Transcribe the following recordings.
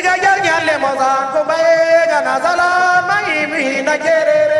Diga jalnya a moza ko bae gana zala mai mi na gerere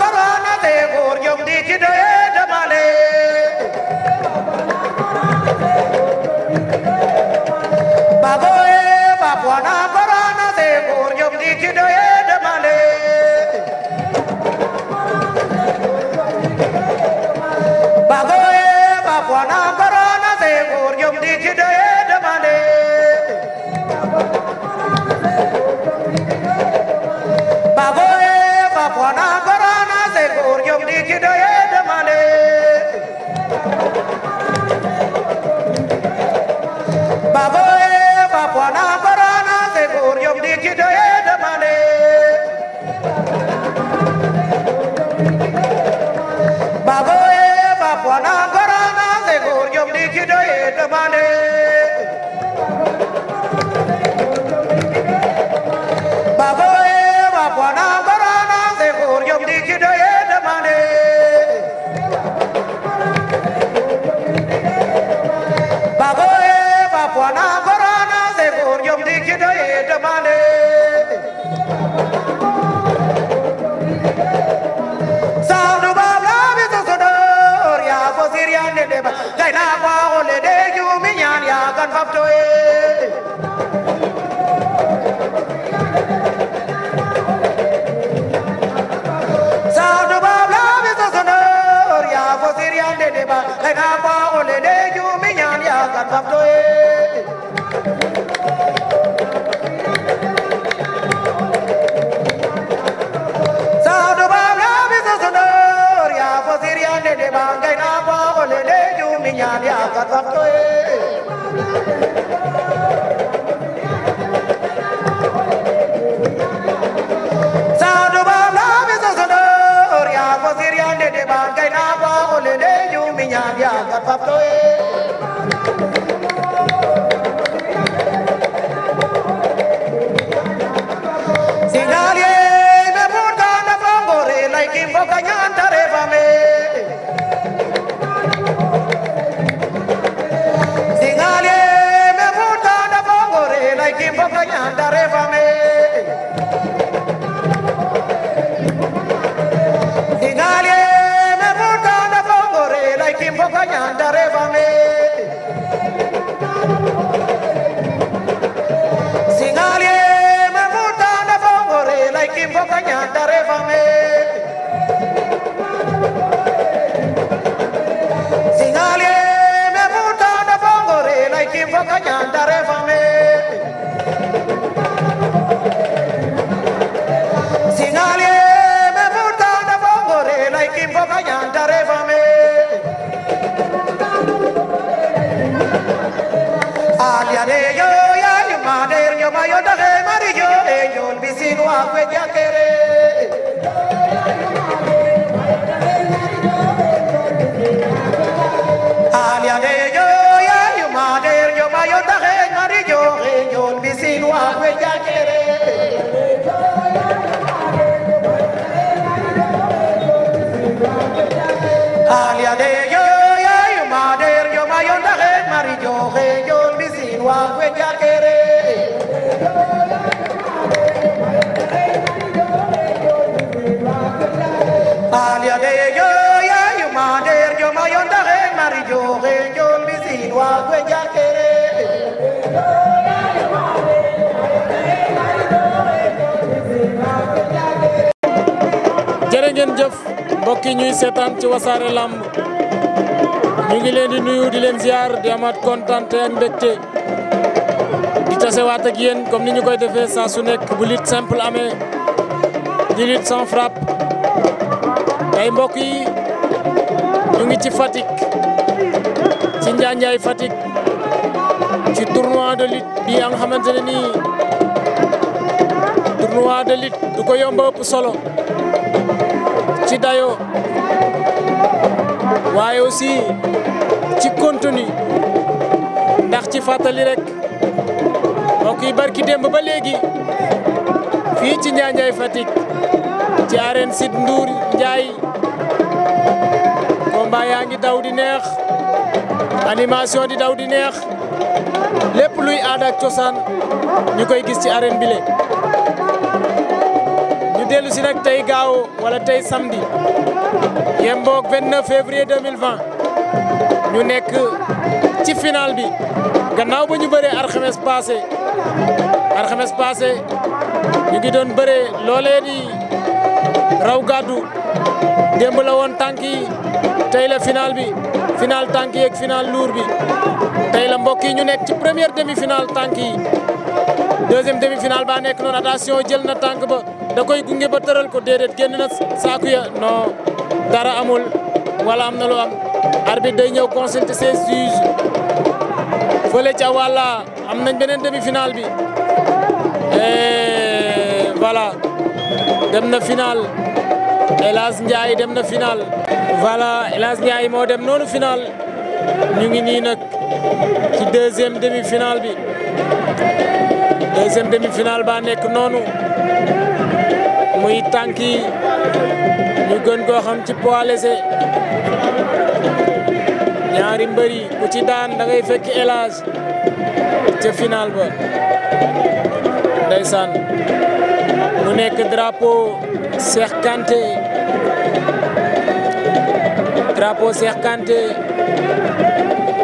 li ci doye demandé baboye bapona barana segur yom li ci doye demandé baboye bapona barana segur yom Bakar Papto ya papto e ngeen jëf mbokk yi ñuy seetaan ci wasaare lamb ñu ngi leen di nuyu di leen ziar di amaat kontante ak mbégte di tasewaat ak yéen comme ni ñu koy defee saa su nekk bu lutte simple amee di lutte sans frappe tey mbokk yi ñu ngi ci Fatick ci Njaanjaay Fatick ci tournoi de lutte bi nga xamante ne nii tournoi de lutte du ko yomb ëpp solo. ci dayo waaye aussi ci contenu ndax ci fàttali rek mbokk yi barki démb ba léegi fii ci Njaajaay Fatick ci arène Sidi Ndour Njaay combat yaa ngi daw di neex animation di daw di neex lépp luy aada ak cosaan ñu koy gis ci arène bile dellu si nag tey gaaw wala tey samedi yemboog 29 février 2020 ñu nekk ci final bi gannaaw ba ñu bëree arxames passé arxames passé ñu ngi doon bëree loolee di raw gàddu démb la woon tànk tey la final bi final tànk yi ak luur bi tey la mbokk yi ñu nekk ci première demi final tànk yi demi final baa nekk noonu attention jël na tànk ba. da koy gunge ba ko déedéet génn na saaku ya non dara amul wala am na lu am arbitre day ñëw consulter ses juges fële ca am nañ beneen demi-finale bi voilà dem na finale El Hadj Ndiaye dem na finale voilà El Hadj moo dem noonu finale ñu ngi nii nag ci deuxième demi-finale bi deuxième demi-finale ba nekk noonu muy tànk yi ñu gën koo ci poids léger ñaari mbër ku ci daan dangay fekk élage ca final ba ndeysaan mu nekk drapeau Cheikh Kanté drapeau Cheikh Kanté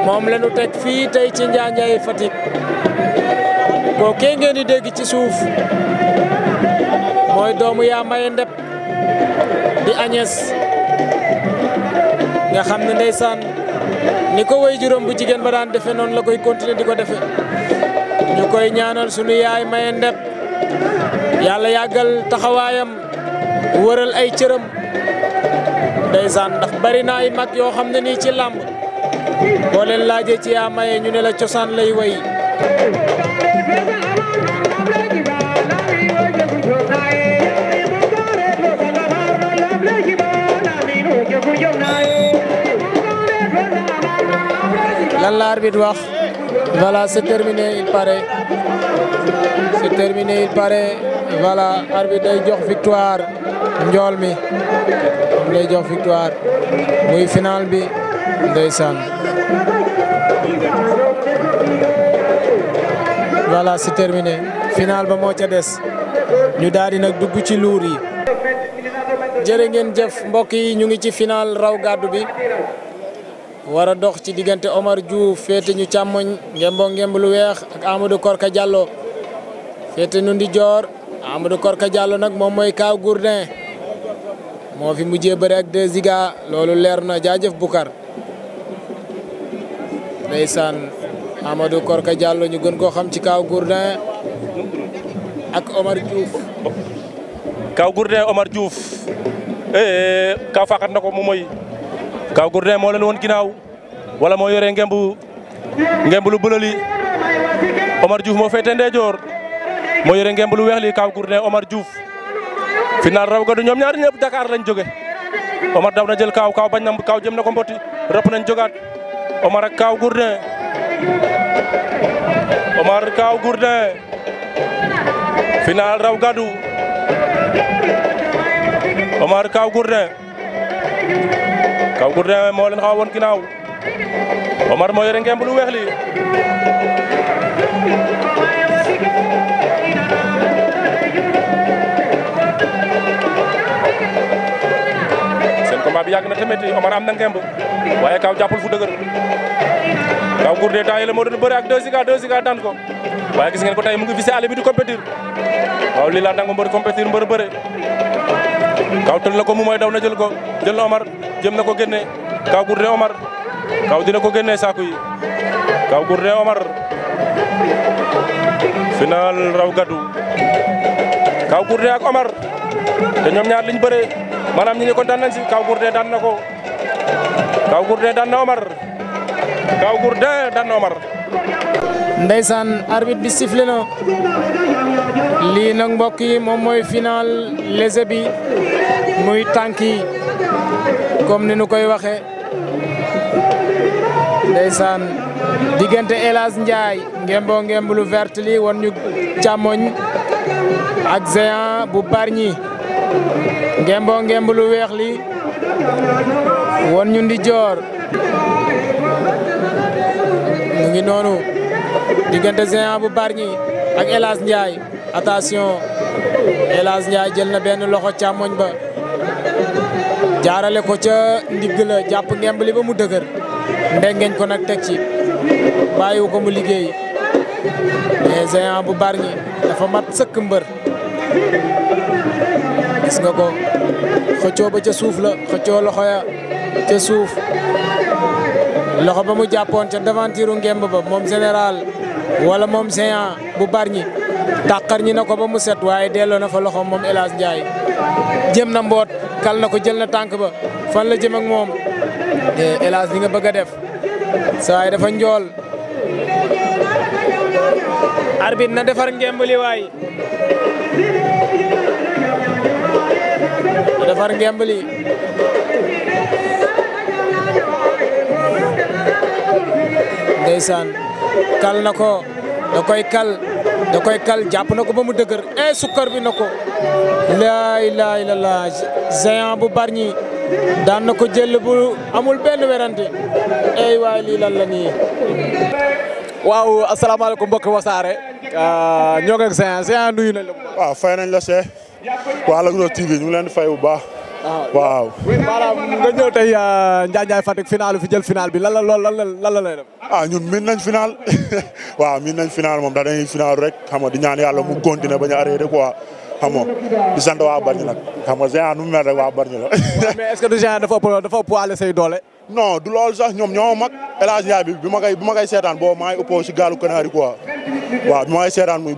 moom la ñu teg fii tey ci Njaañay Fatick koo kee ngeen di dégg ci suuf mooy doomu yaa maye ndeb di Agnès nga xam ne ndeysaan ni ko way juróom bu jigéen ba daan defe noonu la koy continuer di ko defe ñu koy ñaanal sunu yaay maye ndeb yàlla yàggal taxawaayam wëral ay cëram ndeysaan ndax bari na ay mag yoo xam ne nii ci làmb boo leen laaja ci yaa maye ñu ne la cosaan lay way lan la arbitre wax voilà c'est terminé il paraît c'est il paraît voilà arbitre day jox victoire njool mi day jox victoire muy final bi ndeysaan voilà c'est terminé final ba moo ca des ñu daal nag dugg ci luur yi jërë ngeen jëf mbokk yi ñu ngi ci final raw gàddu bi war dox ci diggante Omar Diouf féete ñu càmmoñ ngemboo ngemb lu weex ak Amadou Korka Diallo féete ñu ndi joor Amadou Korka nag moom mooy Kaaw Gourdin moo fi mu bëri ak deux loolu leer na jaajëf Bukar ndeysaan Amadou Korka Diallo ñu gën koo xam ci kaw Gourdin ak Omar Diouf. Kaaw Gourdin Omar Diouf eh, eh, Kaaw faaxat na ko moom mooy. Kaw Gourdin moo leen woon ginnaaw wala moo yore ngemb ngemb lu bële Omar Diouf moo féetee ndeyjoor moo yore ngemb lu weex li Kaw Gourdin Omar Diouf final raw gadu ñoom ñaari ñëpp Dakar lañ jóge Omar daw na jël Kaaw bañ na Kaaw jëm na ko mbotti rëpp nañ jógaat Omar ak Kaw Gourdin Omar raw gadu Omar Kaw Gourdin kaw Gourdin moo leen xaw a woon Omar moo yore ngemb lu weex li seen combat bi yàgg na tamit Omar am na ngemb waaye kaw jàppul fu dëgër kaw Gourdin temps yële moo doon bëre ak 2 Giga 2 Giga daan ko waaye gis ngeen ko tey mu ngi visé àll bi di compétir waaw lii laa nangu mbër compétir mbër bëre kaw tël na ko mu mooy daw na jël ko jël na Omar. jëm na ko génne kaw gourdin Omar kaw dina ko génne saako yi kaw gourdin Omar final raw gaddu kaw gourdin ak Omar te ñoom ñaar liñ bëre maanaam ñi ne kon daan si kaw gourdin daan ko kaw gourdin daan Omar kaw gourdin daan Omar. Ndeysaan arbitre bi sifflé na lii nag mbokk yi moom mooy final léger bi muy tànk comme ni nu koy waxe waxee ndeysaan diggante Elas Ndiaye ngemboo ngemb lu won ñu càmmoñ ak Géant bu Bargny ngemboo ngemb lu weex li won ñu ndi joor mu ngi noonu diggante Géant bu Bargny ak Elas Ndiaye attention Elas Ndiaye jël na benn loxo càmmoñ ba jaarale ko ca ndigg la jàpp ngemb li ba mu dëgër ndengeñ ko nag teg ci bàyyiwu ko mu liggéey mais Géant bu Bargny dafa mat sëkk mbër gis nga ko xëccoo ba ca suuf la xëccoo loxo ya ca suuf loxo ba mu jàppoon ca devantiru ngemb ba moom général walla moom Géant bu Bargny tàqar ñi na ko ba mu set waaye delloo na fa loxoom moom El Hadj jëm na mboot kal na ko jël na tànk ba fan la jëm ak moom El Hadj nga bëgg a def saay dafa njool arbitre na defar ngemb li waay na kal na ko da koy kal da koy kal jàpp na ko ba mu dëgër e sukkar bi na ko laa ilaaha illallaah géant bu barñi daan na ko jël bu amul benn werante ey eh, waay lii lan nii waaw asalaamaaleykum mbokk wasaare ah, ñoo ngi ak géant géant nuyu nañ la waaw fay nañ la Cheikh waa Lac Rose TV ñu leen di fay bu baax waaw. maanaam nga ñëw tey Ndiaye euh, Ndiaye Fatick fi jël final bi lan la lool lan la lay def. ah ñun miin nañ final waaw miin nañ final moom da dañuy final rek xam nga di ñaan yàlla mu continuer bañ a arrêté quoi. di sant waa Bargny nag xam nga Géant nu mel rek waa Bargny la. mais est que du Géant dafa dafa poids say doole. non du loolu sax ñoom ñoo mag El Hadj bi bi ma koy seetaan boo maa ngi ëppoo si gaalu Kanaari quoi waaw bi ma seetaan muy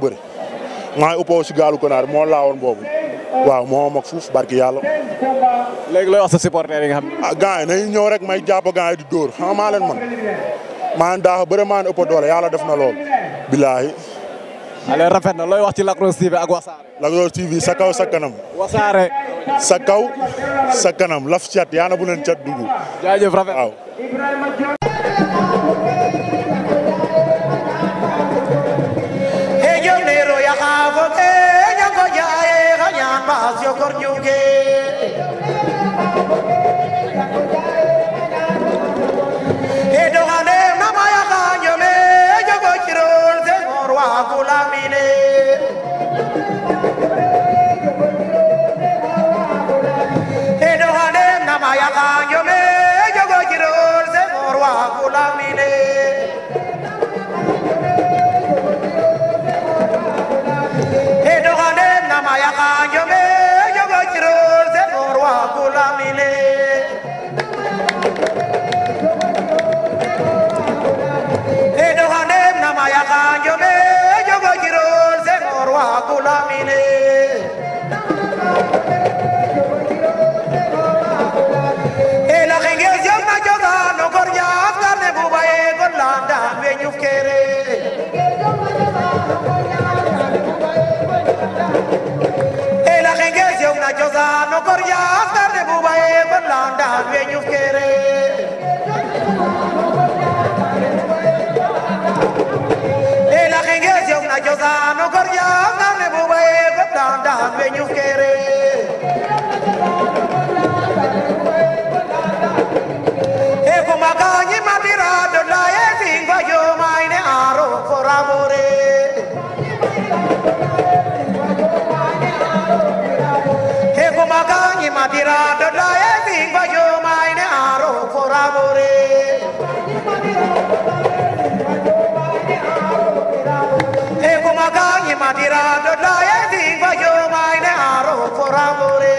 si gaalu Kanaari moo laawoon waaw moo mag fuuf barki yàlla. léegi looy wax sa supporter yi nga xam. ah gars yi nañu ñëw rek may jàpp gars yi di dóor xam maa leen man maa leen daax bëre maa leen ëpp yàlla def na lool. bilaahi. ale rafet na looy wax ci Lac Rose TV ak Wassare. Lac Rose TV sa kaw sa kanam. sa kaw sa kanam laf cat yaa na bu leen cat dugg. jaajëf rafet no korja ngane bu baye dan dan we ñu kere e ko magani madira do la e singo yo maine aro for amore e ko matira dodo yesi bajo maine aro foramore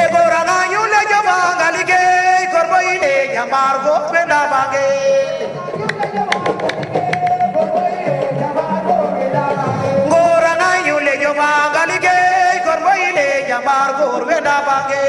e gorana yule jabangali ke korbo ine jamar go penda bange gorana yule jabangali ke korbo ine jamar go penda bange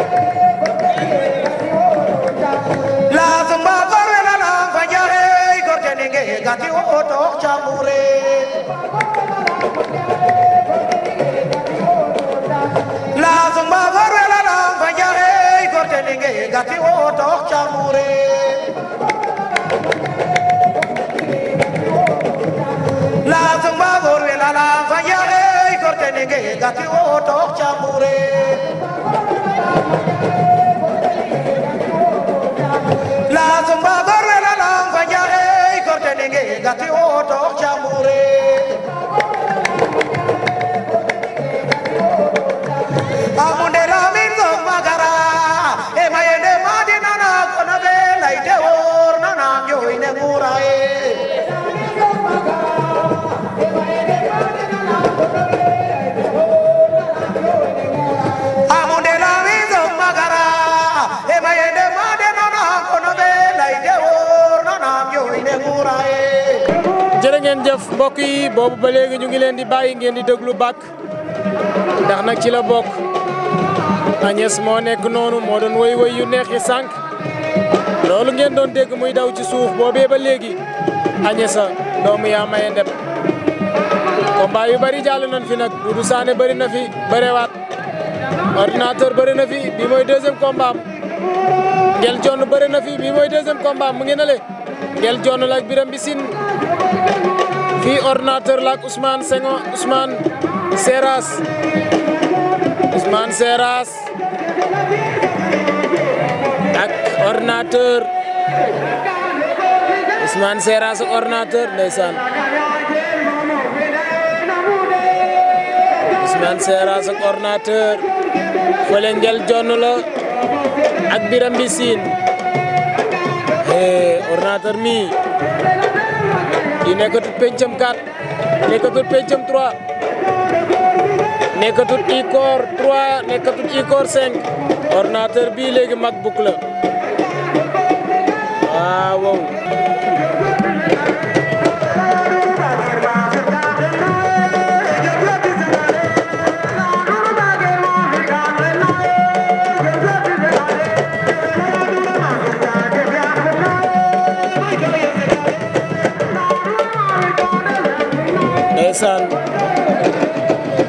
gati o oto cambure la zumba gorwe la la fanjare gorte ninge gati o oto cambure la zumba gorwe la la fanjare gorte ninge gati o oto cambure jërëjëf mbokk yi boobu ba léegi ñu ngi leen di bàyyi ngeen di déglu bàkk ndax nag ci la bokk Agnès moo nekk noonu moo doon woy woy yu yi sànq loolu ngeen doon dégg muy daw ci suuf boobee ba léegi Agnès a doomu yaa maye ndem yu bari jàll nañ fi nag Doudou Sané bëri na fi bërewaat ordinateur bëri na fi bii mooy deuxième combat am ngel jonn bëri na fi bii mooy deuxième combat mu ngi ne le ngel jonn la biram bi sin fii ordinateur la ak Ousmane Senghor Ousmane Seras Ousmane ak ordinateur usmaan Seras ak ordinateur ndeysaan Ousmane Seras ak ordinateur fële la ak Biram Mbisine ordinateur mi kii nekkatul pencam 4 nekkatul pencam 3 nekkatul ICOR 3 nekkatul ICOR 5 ordinateur bii léegi MacBook la waaw.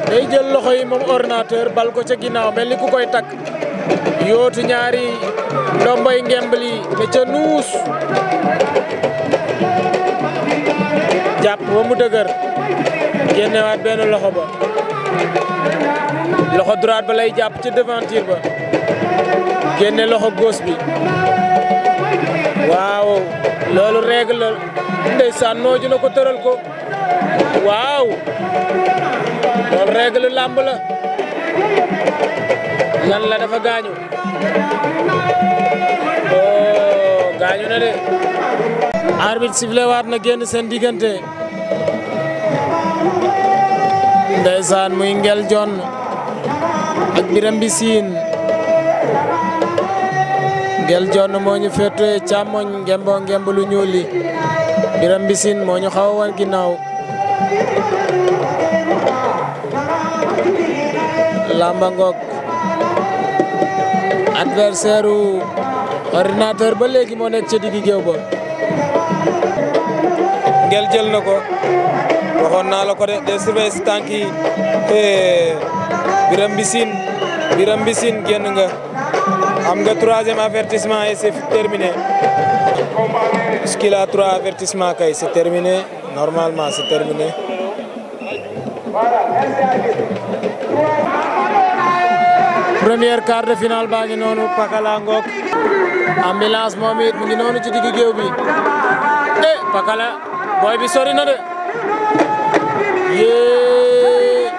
day jël loxo yi moom ordinateur bal ko ca ginnaaw mel ni ku koy takk yootu ñaari ndomboy ngembal yi ne ca nuus jàpp ba mu dëgër génnewaat benn loxo ba loxo droite ba lay jàpp ca devanture ba génne loxo gauche bi waaw loolu règle la ndeysaan na ko tëral ko waaw loolu règle làmb la lan la dafa gaañu oh gaañu na de. arbitre sifflé waat na génn seen diggante ndeysaan muy ngel jon ak biram bi siin ngel jon moo ñu féetee càmmoñ ngemboo ngemb lu ñuul li biram bi siin moo ñu xaw a wan ginnaaw lamba ngoog adversaire u ba léegi moo nekk ca diggi géew ba ngel jël na ko waxoon naa la ko de de surveiller si tànk yi biram bisin bisin génn nga am nga troisième avertissement et c'est terminé puisqu'il a trois avertissements kay c'est terminé Normalement, c'est terminé. Première quart de finale baa ngi noonu Pakala Ngok. Ambulance moom it ngi noonu ci digg géew bi. Eh Pakala bi sori na de. Yee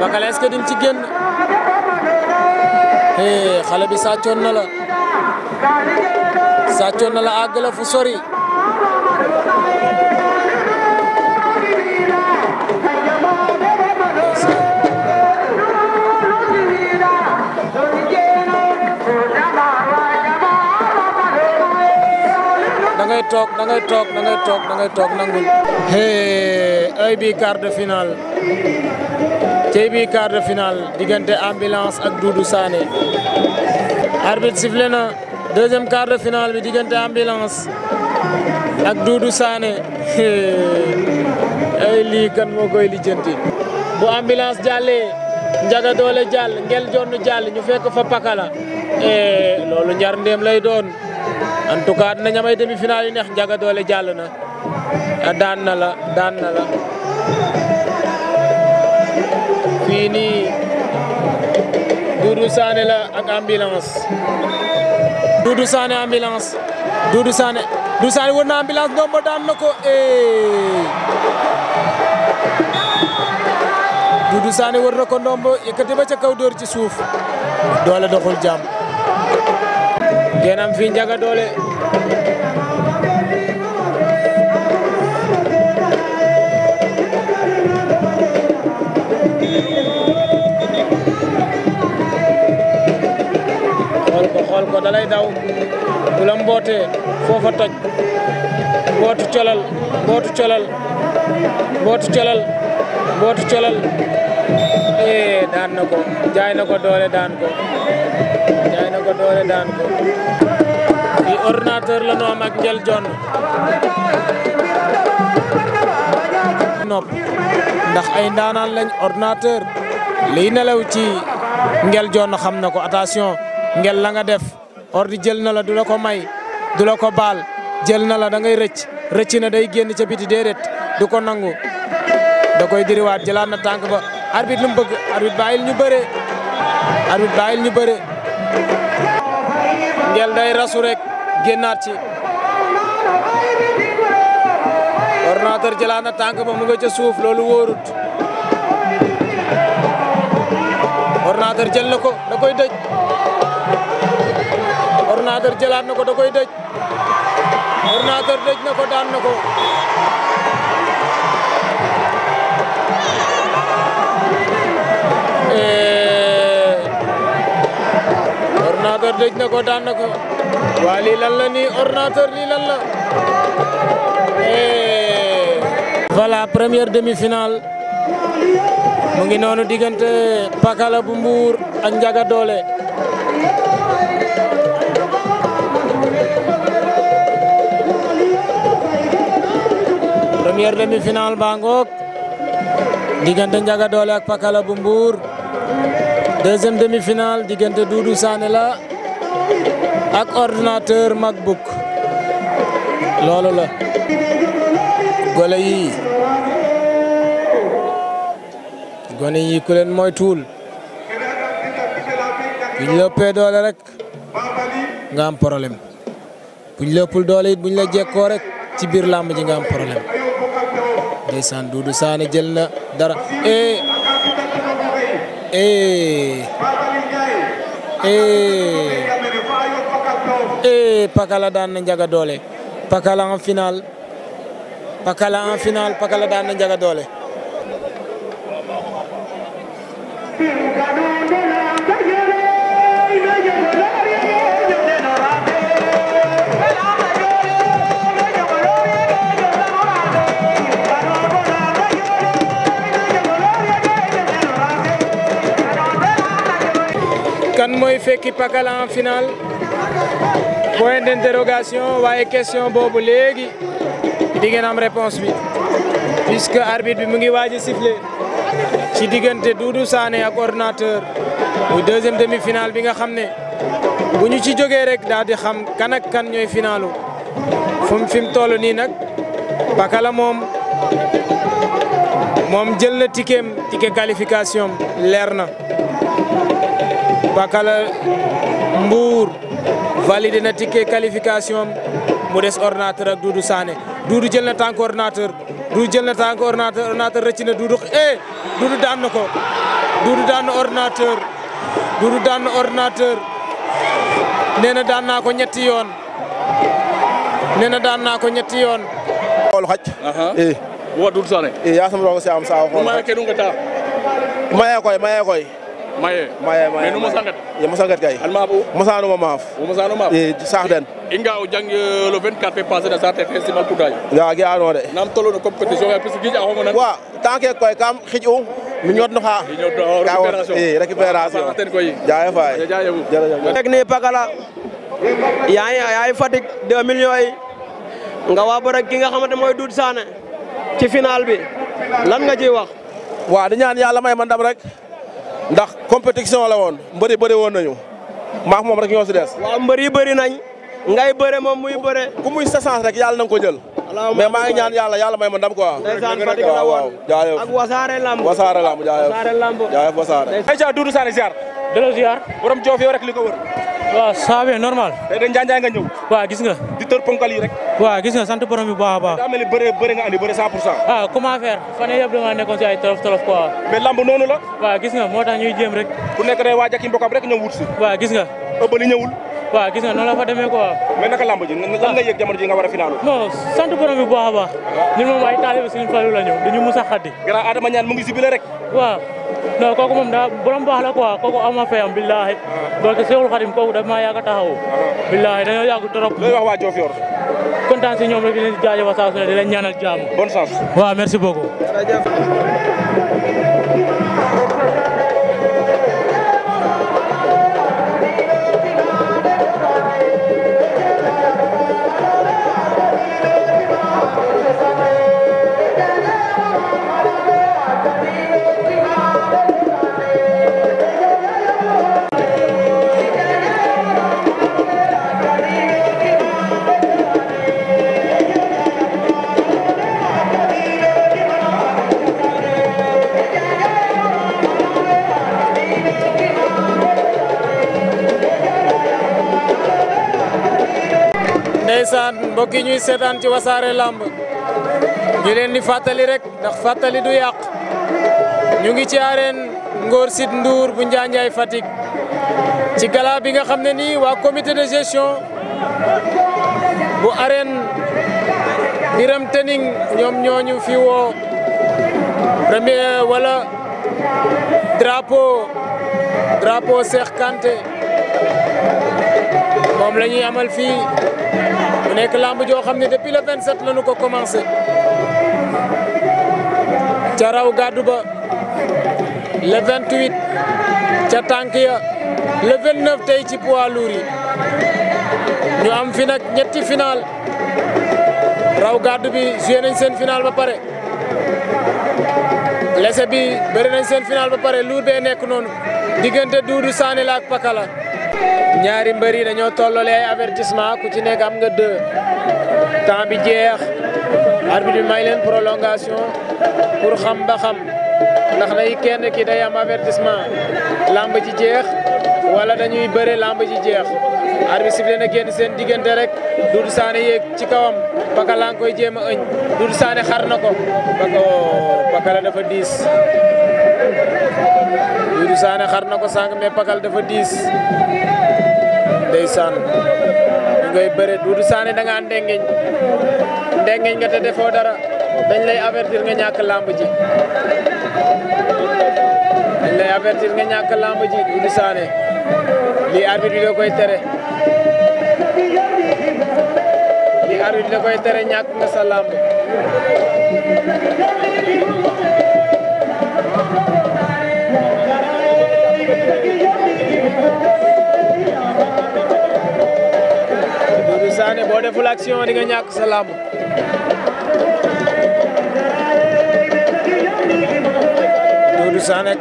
Pakala est-ce que di ci génn. Eh xale bi sàccoon na la. sàccoon na la àgg la fu sori. toog da ngay toog da ngay toog da ngay toog nangul. ay bi quart de finale tey bi quart de finale diggante ambulance ak Doudou Sané. arbitre sifflé na deuxième quart de finale ak Doudou Sané ay lii kan moo koy lijjanti. bu ambulance jàllee njaga doole jàll ngel jonn jàll ñu fekk fa pakala eh, loolu njar lay doon. en tout cas dinañ amay demi-finale yu neex Ndiaga Dolé jàll na daan na la daan na la fii nii Doudou Sané la ak ambulance Doudou Sané wër na ambulance doom daan na ko eh. Doudou Sané wër na ko ndombo yëkkati ba ca kaw ci suuf doole doxul jàmm keenam fi Ndiaga Dolé xool ko dalay daw bu la foofa toj mbootu colal mbootu colal mbootu colal mbootu colal eh, daan na ko jaay na ko doole daan ko jaay na ko doole daan ko ordinateur la noom ak ndax ay ndaanaan lañ ordinateur liy nelaw ci ngel jonn xam na ko attention ngel la nga def ordi jël na la du la ko may du la ko baal jël na la dangay rëcc rëcc na day génn ca biti déedéet du ko nangu da koy diriwaat jëlaat na tànk ba arbitre lu mu bëgg arbitre bàyyil ñu bëre arbitre bàyyil ñu bëre ngel day rasu rek génnaat ci ordinateur jëlaat na tànk ba mu nga ca suuf loolu wóorut ordinateur jël na ko da koy dëj ordinateur na ko da koy dëj ordinateur dëj na ko daan na ko eh. ordinateur dëj na ko daan na ko waa lii lan la nii lii lan la voilà première demi final mu ngi noonu diggante Pakala bu Mbour ak Ndiaga Dolé première demi-finale baa ngoog diggante Ndiaga Dolé ak Pakala bu Mbour demi-finale diggante Doudou Sané la ak ordinateur MacBook loolu la gole yii gone yii ku leen mooy tuul buñ la doole rek nga am problème buñ lëppul doole it buñ la jekkoo rek ci biir làmb ji nga am problème ndeysaan Doudou jël na dara eh eh eh eh Pakala daan na Ndiaga Dolé Pakala en finale Pakala daan na Ndiaga Dolé. kan mooy fekki Pakala en finale. point d' interrogation waaye question boobu léegi di ngeen am réponse bi puisque arbitre bi mu ngi waaj a sifflé ci diggante Doudou Sané ak ordinateur muy deuxième demi-finale bi nga xam ne bu ñu ci jógee rek daal di xam kan ak kan ñooy finalu fu mu fi toll nii nag Pakala moom moom jël na ticket ticket qualification leer na Pakala Mbour. validé na ticket qualification mu des ordinateur ak Doudou Sané Doudou jël na tànk ordinateur Doudou jël na tànk ordinateur ordinateur rëcc na Doudou eh, ko Doudou daan ordinateur Doudou daan ordinateur nee na daan naa ko ñetti yoon nee na daan naa ko ñetti yoon. xool xaj. eh. waa Doudou Sané. eh yaa sama loxo si am saa xool. mayee koy mayee koy. maye maye maye menu mosangat kay alma maaf o mosano maaf e sax o jang le 24 pe passé da sarte festival kudaj ya ge ano wa tant que koy kam xiju mi ñot no xa e récupération eh, jaay fay jaay bu tek ni pagala yaay yaay Fatick 2 millions nga waa ba rek ki nga xamante mooy Doudou Sané ci final bi lan nga ciy wax waaw di ñaan yàlla may ma ndam rek ndax compétition la woon mbëri bëri woon nañu maax moom rek ñoo si des. waaw mbëri bëri nañ. ngay bëre moom muy bëre. ku muy sa chance rek yàlla na nga ko jël. mais maa ngi ñaan yàlla yàlla may ma ndam quoi. ndeysaan Fatick la woon jaajëf ak wasaare lamb wasaare lamb jaajëf lamb jaajëf wasaare. ayca Doudou Joof yow rek li ko wër. waaw ça normal. tey de nga ñëw. waaw gis nga. di tër ponkal rek. waaw gis nga sant borom bi bu baax a baax. daa mel ni bëre nga andi ah, da nga nekkoon si ay tolof tolof quoi. mais lamb noonu la. waaw gis nga moo tax ñuy jéem rek. ku nekk day waaj ak i mbokam rek ñëw wut si. waaw gis nga. ëpp li ñëwul waaw gis nga noonu la fa ko quoi. mais naka lamb ji lan lay yëg jamono ji nga war a final. non sant borom bi bu baax a baax. ñun moom ay taalibe Serigne Fallou la ñëw dañu mus a xaddi. grand Adama ñaan mu ngi sibile rek. waaw non kooku moom daa borom baax la quoi kooku ama fayam billahi. donc Seexul Xadim kooku daf maa yàgg a taxawu. billahi dañoo yàgg trop. looy wax waa Diofior. kontaan si ñoom rek di leen jaajëfal saa su ne di ñaanal jàmm. bonne chance. waaw ndeysaan mbokk yi ñuy seetaan ci wasaare lamb ñu leen di fàttali rek ndax fàttali du yàq ñu ngi ci arène Ngor Site Ndour bu Njaanjaay fatik ci gala bi nga xam ne ni waa comité de gestion bu arène Biram Tening ñoom ñooñu fi woo premier wala drapeau drapeau Cheikh Kanté moom la ñuy amal fi mu nekk làmb joo xam ne depuis le 27 la ñu ko commencé ca raw gàddu ba le 28 ca tànk ya le 29 tey ci poids lourd yi ñu am fi nag ñetti final raw gàddu bi joué nañ seen final ba pare lese bi bëri nañ seen final ba pare lourd bee nekk noonu diggante Doudou Sané la ak Pakala ñaari mbër yi dañoo tollale ay avertissement ku ci nekk am nga deux temps bi jeex arbitre bi may leen prolongation pour xam ba xam ndax nay kenn kii day am avertissement lamb ji jeex walla dañuy bëre lamb ji jeex arbitre sifflé na génn seen diggante rek Doudou Sané yéeg ci kawam Pakala laa ngi koy jéem a ëñ Doudou Sané xar na ko Pakala oh, dafa diis Doudou xar na ko sànq mais pakal dafa diis ndeysaan ñu ngay bëre Doudou Sané da ngaa nga te defoo dara dañ lay avertir nga ñàkk làmb ji dañ lay avertir nga ñàkk làmb ji Doudou Sané lii koy tere da koy tere ñàkk nga sa làmb Doudou Sané boo deful action di nga ñàkk sa làmb Doudou Sané ak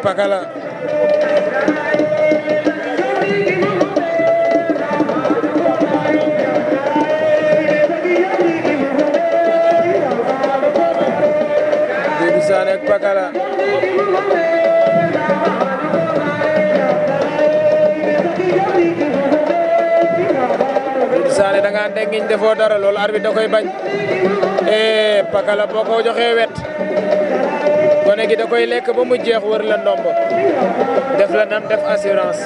Pakala daan defoo dara loolu arbitre da koy bañ e pakala boo ko joxee wet gone gi da koy lekk ba mu jeex wër la ndombo def la nam def assurance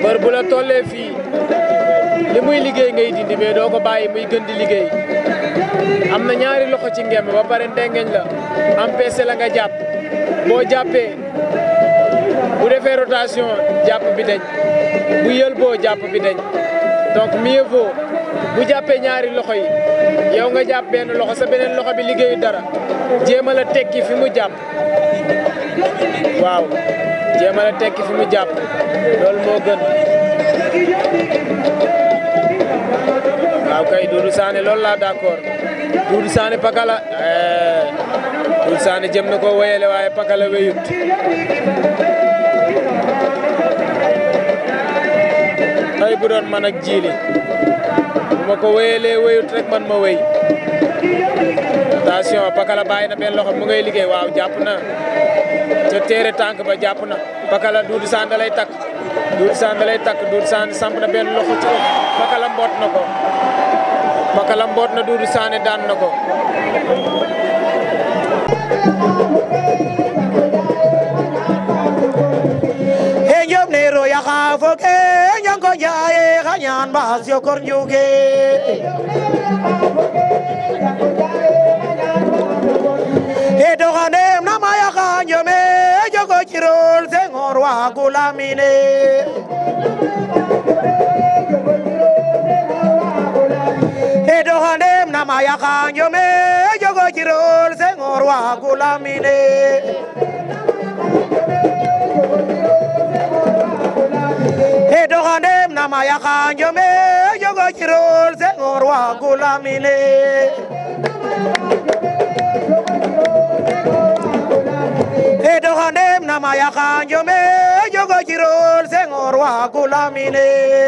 mbër bu la tollee fii li muy liggéey ngay dindi mais doo ko bàyyi muy gën di liggéey am na ñaari loxo ci ngemb ba pare ndengeñ la empêché la nga jàpp boo jàppee defee rotation jàpp bi dañ bu yëlboo jàpp bi dañ donc mieux vaut bu jàppee ñaari loxo yi yow nga jàpp benn loxo sa beneen loxo bi liggéeyu dara jéem a la tekki fi mu jàpp waaw jéem a tekki fi mu jàpp loolu moo gën waaw kay Doudou Sané loolu laa d'accord Doudou Sané Pakala eh, Doudou Sané jëm na ko wéyale waaye Pakala wéyut tey bu doon man ak jiili bu ma ko wéyalee wéyut rek man ma wéy attention Pakala bàyyi na benn loxo mu ngay liggéey waaw jàpp na ca téere tànk ba jàpp na Pakala Doudou Sane da lay takk Doudou Sane da lay takk Doudou Sane samp na benn loxo ci Pakala mboot na ko Pakala mboot na Doudou Sane daan na ko Asio Kor Njuuge e doxaneem na maya xa njome e jogo cirol Senghor waagu lamine e doxaneem na maya xa njome e jogo cirol Senghor waagu lamine e doxaneem dem na ma yaxa njome jogo cirol Senghor wa Gulamine e doxa dem na ma yaxa njome jogo cirol Senghor wa Gulamine